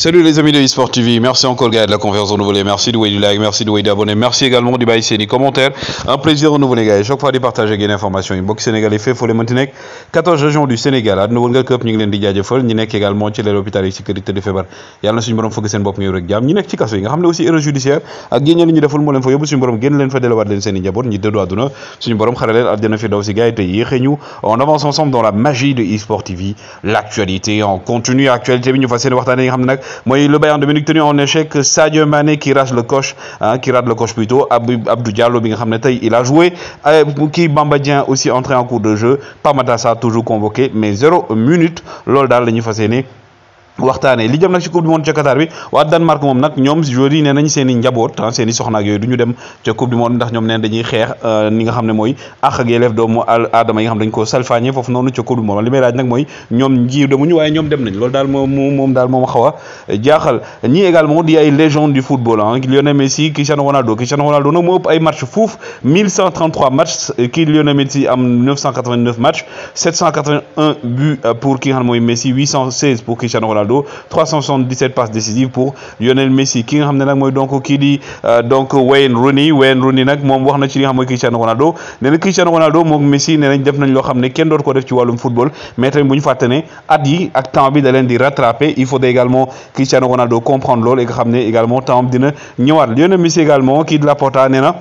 Salut les amis de eSport TV, merci encore gars de la conférence au nouveau les merci de du like, merci de d'abonner, merci également du bail des commentaires. Un plaisir renouvelé gars, chaque fois de partager des informations. Inbox Sénégal est fait, faut les maintenir. 14 régions du Sénégal, à nouveau nga kep ñu ngi leen di jaajëfal ñi nekk également ci l'hôpital yi sécurité de feebar. Yalla na suñu borom fëgg seen bopp ngay rek jàmm ñi nekk ci kaso yi nga xam ne aussi erreur judiciaire ak yéen ñi ñu deful moo leen fa yóbbu suñu borom génn leen fa delawaat leen seen i njaboot ñi dëddu àdduna suñu borom xare leen àddina fi daw si gars yi te yéexee ñu on avance ensemble dans la magie de eSport TV l'actualité en continu actualité bi ñu fas yéene waxtaanee nga xam ne nag moi le Bayern de Munich tenu en échec Sadio Mané qui rate le coche hein, qui rate le coche plutôt Abdou Diallo il a joué qui euh, Bambadien aussi entré en cours de jeu Pas Matassa toujours convoqué mais 0 minutes, lors daal waxtane li jëm nak ci coupe du monde ca Qatar bi wa Danemark mom nak ñom joueurs yi nenañ seeni seen i njaboot ah soxna ak yoy duñu dem ci coupe du monde ndax ñom neen dañuy xex ni euh, nga xamne moy mooy ak yelleef doomu aadama yi nga xam dañ ko salfañe fofu nonu ci coupe du monde limay may nak moy ñom ñoom nji demuñu waaye ñoom dem nañ loolu dal mom moom daal moom xaw a jaaxal ñii également di ay légende du football ah Lionel Messi Cristiano Ronaldo Cristiano Ronaldo nag mo ëpp ay match fouf 1133 matchs euh, ki Lionel Messi am 989 matchs 781 buts euh, pour ki nga xam ne Messi 816 pour Cristiano Ronaldo 377 passes décisives pour Lionel Messi Qui nga xamné nak moy donc qui di euh, donc Wayne Rooney Wayne Rooney nak mom waxna na ci li nga Cristiano Ronaldo nee Cristiano Ronaldo Messi nee def nañ lo xamné kenn ko def ci walum football mais tamit buñu ñu A at yi ak temps bi di rattraper il faut également Cristiano Ronaldo comprendre loolu et nga xamné également temps dina ñëwaat Lionel Messi également qui l'a porte à Néna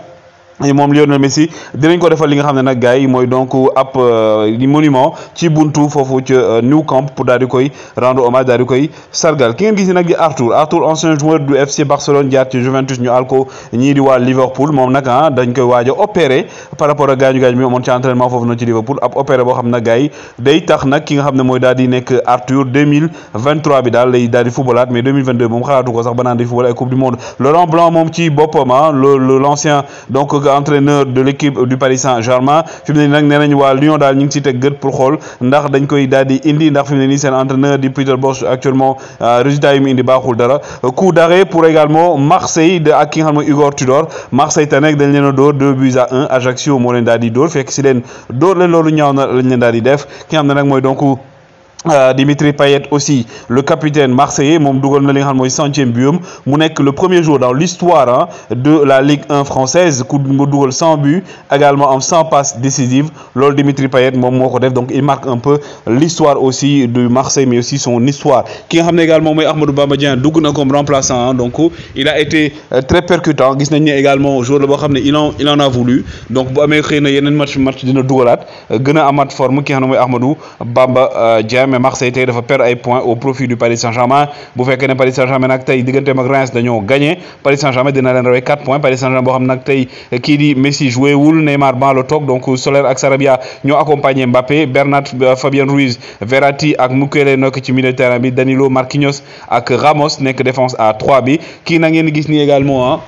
mom Lionel Messi dinañ ko defal li nga xamné nak gaay moy donc mooy donc ab euh, monument ci buntu fofu ci euh, New Camp pour dal di koy rendre hommage dal di koy sargal ki ngeen gis nak di Arthur Arthur ancien joueur du FC Barcelone jaar ci Juventus ñu alko ñi di wa Liverpool mom nak han ah, dañ koy waaj opérer opéré par rapport ak gañu gaañ mi amoon ci entraînement fofu noonu ci Liverpool ab opéré bo xamné gaay day tax nak ki nga xamné moy dal di nek Arthur 2023 bi dal lay dal di footballaat mais 2022 mom xalaatu ko sax ba di football ay coupe du monde Laurent Blanc moom ci boppam ah le l'ancien donc entraîneur de l'équipe du Paris Saint-Germain fimné nak nénañ wa Lyon dal ñu ci ciy pour xol ndax dañ koy daal di indi ndax fimné ni sen entraîneur di Peter Bosz actuellement euh, résultat yi indi baxul dara coup d'arrêt pour également Marseille de ak ki Igor Tudor Marseille te nekk dañ leen a 2 buts à un Ajaccio mo leen daal di dóor fekk ci leen dóor leen lolu ñaaw na lañ leen daal di def ki xamné nak moy donc. Euh, Dimitri Payet aussi le capitaine Marseille mon Dougal le premier jour dans l'histoire hein, de la Ligue 1 française coup de 100 but également en 100 passes décisives lors Dimitri Payet donc il marque un peu l'histoire aussi de Marseille mais aussi son histoire qui a également mais Bamba comme remplaçant hein. donc il a été euh, très percutant également la il en il a voulu donc il match match euh, a forme Bamba mais Marseille était de perdre un point au profit du Paris Saint-Germain Pour que le Paris Saint-Germain nag tey saint ak Reims dañoo gagné Paris Saint-Germain dina leen 4 points Paris Saint-Germain boo xam nag Messi joué wul Neymar ban toc. donc Soler et Sarabia ñoo accompagné Mbappé Bernard, euh, Fabien Ruiz Verratti et Mukele Danilo Marquinhos ak Ramos nekk défense à 3 B. Qui na ngeen également hein,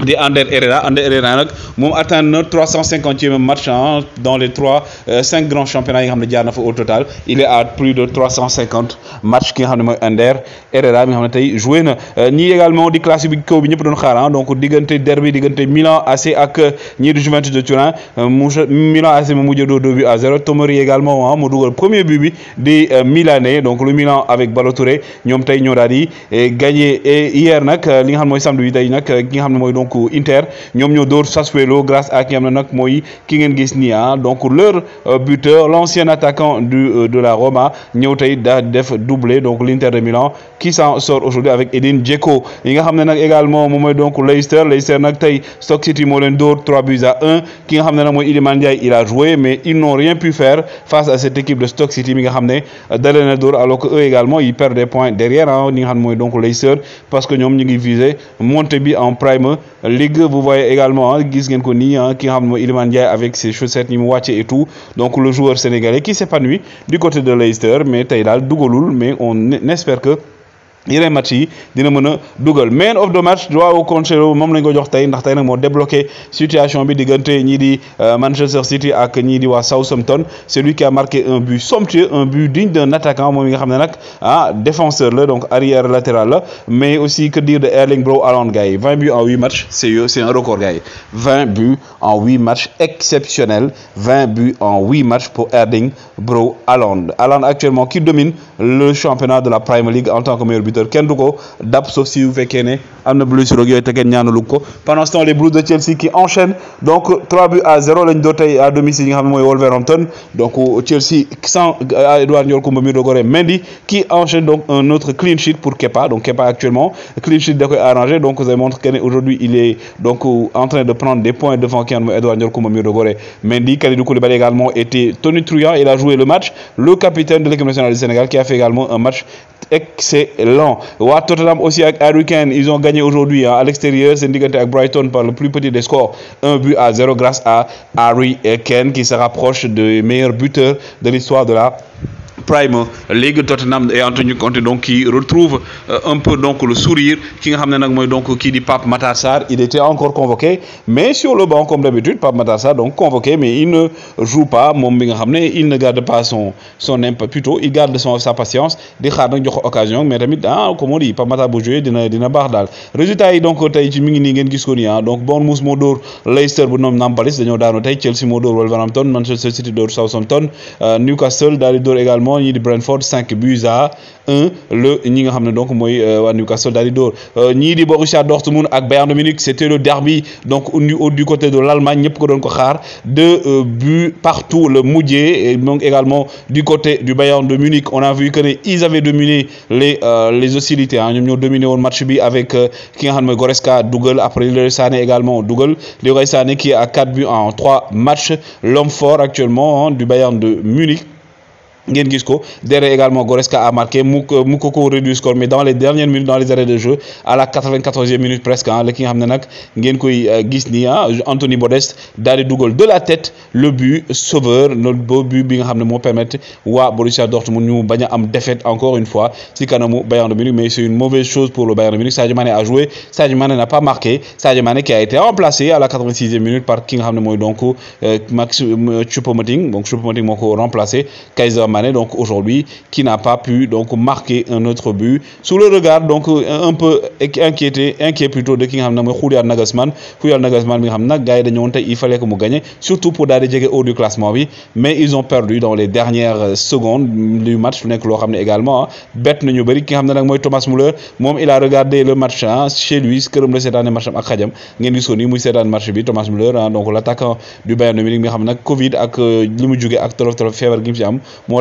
di Ander Herrera Ander Herrera nak moom atteint 350e match hein, dans les trois euh, cinq grands championnats yi nga xam jaar na fa au total il est à plus de 350 matchs ki nga xam moy Ander Herrera mi nga tay ne joué na ni euh, également di classico bi ñep doon xaar hein, donc diggante derby diggante Milan AC ak euh, ñi di Juventus de Turin mu Milan AC mu mujjee do deux buts à zéro Tomori également hein, mu duggal premier but bi di Milanais donc le Milan avec Balotelli ñom tay ñoo daal di gagné et hier nak li nga xam moy samedi bi tey nag ki nga xam moy donc Inter ñom ñoo dóor grâce à Kiam Nanak xam ah. donc leur euh, buteur l'ancien attaquant du euh, de la Roma ñëw tay def doublé donc l'Inter de Milan qui s'en sort aujourd'hui avec Edin Dzeko yi nga xamné également moom donc Leicester Leicester nak tay Stock City Molen len 3 buts à 1 ki nga il a joué mais ils n'ont rien pu faire face à cette équipe de Stock City mi nga xamné euh, alors que eux également ils perdent des points derrière hein li nga donc Leicester parce que ñom ñi ngi viser en prime Ligue vous voyez également hein, Gizgen ngeen qui hein, avec ses chaussettes ni et tout donc le joueur sénégalais qui s'épanouit du côté de Leicester mais Taïdal Dougoloul mais on espère que yeneen match yi dina mën a dugal Main of the match au au moom lañ ko jox tey ndax tey nag moo débloqué situation bi diggante ñii di euh, Manchester City ak ñii di waa Southampton celui qui a marqué un but somptueux un but digne d'un attaquant moom nga ah, défenseur la donc arrière latéral la mais aussi que dire de Erling Bro Haaland gars 20 buts en 8 matchs c'est euh, c'est un record gars 20 buts en 8 matchs exceptionnel 20 buts en 8 matchs pour Erling Bro Haaland Haaland actuellement qui domine le championnat de la Premier League en tant que meilleur but buteur kenn du ko sauf si bu fekkee ñaanalu ko pendant ce temps les Blues de Chelsea qui enchaînent donc 3 buts à 0 lañ do tay à domicile yi nga xamné moy Wolverhampton donc Chelsea sans euh, Edouard Ndiol Koumba mi Dogore Mendy qui enchaîne donc un autre clean sheet pour Kepa donc Kepa actuellement clean sheet da arrangé donc vous montré que aujourd'hui il est donc euh, en train de prendre des points devant Edouard Ndiol Koumba mi Dogore Mendy Kalidou Koulibaly également était tonitruant il a joué le match le capitaine de l'équipe nationale du Sénégal qui a fait également un match excellent Wat Tottenham aussi avec Harry Kane ils ont gagné aujourd'hui hein, à l'extérieur c'est avec Brighton par le plus petit des scores un but à zéro grâce à Harry Kane qui se rapproche du meilleur buteur de l'histoire de la Prime Ligue Tottenham et Antonio Conte donc qui retrouve euh, un peu donc le sourire qui nga donc qui Pape Matassar il était encore convoqué mais sur le banc comme d'habitude Pape Matassar donc convoqué mais il ne joue pas bi il ne garde pas son son imp plutôt il garde sa patience di xaar nak jox occasion mais tamit ah comme on dit Pape Matar bu joué dina dina baax résultat yi donc tay ci mi ngi ngeen gis ko ah, donc Bournemouth mo Leicester bu nom Nampalis dañoo daano Chelsea mo Wolverhampton Manchester City Southampton euh, Newcastle d'Alidor également finalement de Brentford 5 buts à 1 le ñi nga donc moy euh, Newcastle di euh, di Borussia Dortmund ak Bayern de Munich c'était le derby donc du côté de l'Allemagne ñep ko don ko xaar deux euh, buts partout le Et donc également du côté du Bayern de Munich on a vu que ils avaient dominé les les hostilités hein. ñom ont dominé won match bi avec ki nga xam après le Sané également Dougal Leroy Sané qui a 4 buts en 3 matchs l'homme fort actuellement hein, du Bayern de Munich Gengisko derrière également Goreska a marqué Moukoko euh, réduit le score mais dans les dernières minutes dans les arrêts de jeu à la 94e minute presque le King ki nga Anthony Bodest, Dari di de la tête le but sauveur notre beau but bi nga permet permet permettre Borussia Dortmund ñu défaite encore une fois si kanamu Bayern de Munich mais c'est une mauvaise chose pour le Bayern de Munich Sadio a joué Sadio n'a pas marqué Sadio qui a été remplacé à la 86e minute par King nga donc euh, Max euh, Choupo-Moting donc Choupo-Moting remplacé Kaiser Mané, donc aujourd'hui, qui n'a pas pu donc marquer un autre but. Sous le regard donc euh, un peu inquiété, inquiet plutôt de Kingham nga xam ne Nagasman, Julian Nagasman, Julian Nagelsmann il fallait que nous gagnions, surtout pour d'aller au haut du classement mais ils ont perdu dans les dernières secondes du match nekk que xam également ah, Bet nañu bëri ki Thomas Müller moi, il a regardé le match ah, chez lui këram la le match à ak xajam ngeen gisoon ni muy match bi Thomas Müller ah, donc l'attaquant du Bayern Munich bi a xam Covid ak euh, le mu jóge ak tolof tolof feebar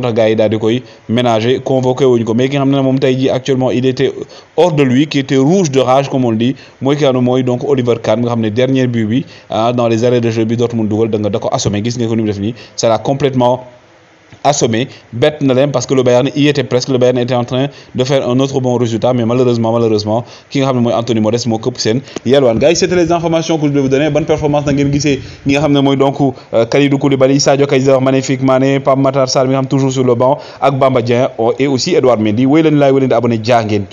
moo tax yi daal di koy ménager convoqué wuñ ko mais ki nga xam ne moom tey jii actuellement il était hors de lui qui était rouge de rage comme on dit mooy ki nga donc Oliver Kahn nga xam ne dernier but bi ah, dans les arrêts de jeu bi Dortmund dugal da nga da ko assommé gis nga ko ni mu def nii c'est là complètement assommé. Bête Nalem parce que le Bayern y était presque. Le Bayern était en train de faire un autre bon résultat. Mais malheureusement, malheureusement, King Hamne Anthony Modeste, mon Kopsen, Yelwan. Guys, c'était les informations que je voulais vous donner. Bonne performance dans Game Gissé. King Hamne Moy donc euh, Kalidou Koulibaly, Sadio Kaiser, magnifique Mané, Pam Matar Salmi, toujours sur le banc. Ak Bamba oh, et aussi Edouard Mendy. Waylen Lai, Waylen Abonné, Djangin